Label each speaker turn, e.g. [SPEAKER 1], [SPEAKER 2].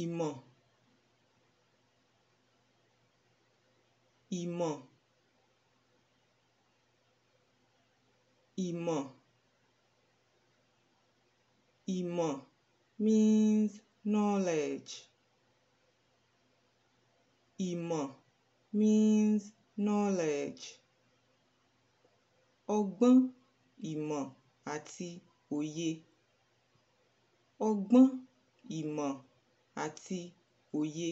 [SPEAKER 1] ìmọ̀ ìmọ̀ ìmọ̀ ìmọ̀ means knowledge ìmọ̀ means knowledge ọgbọ́n ìmọ̀ àti òye ọgbọ́n ìmọ̀
[SPEAKER 2] àti òye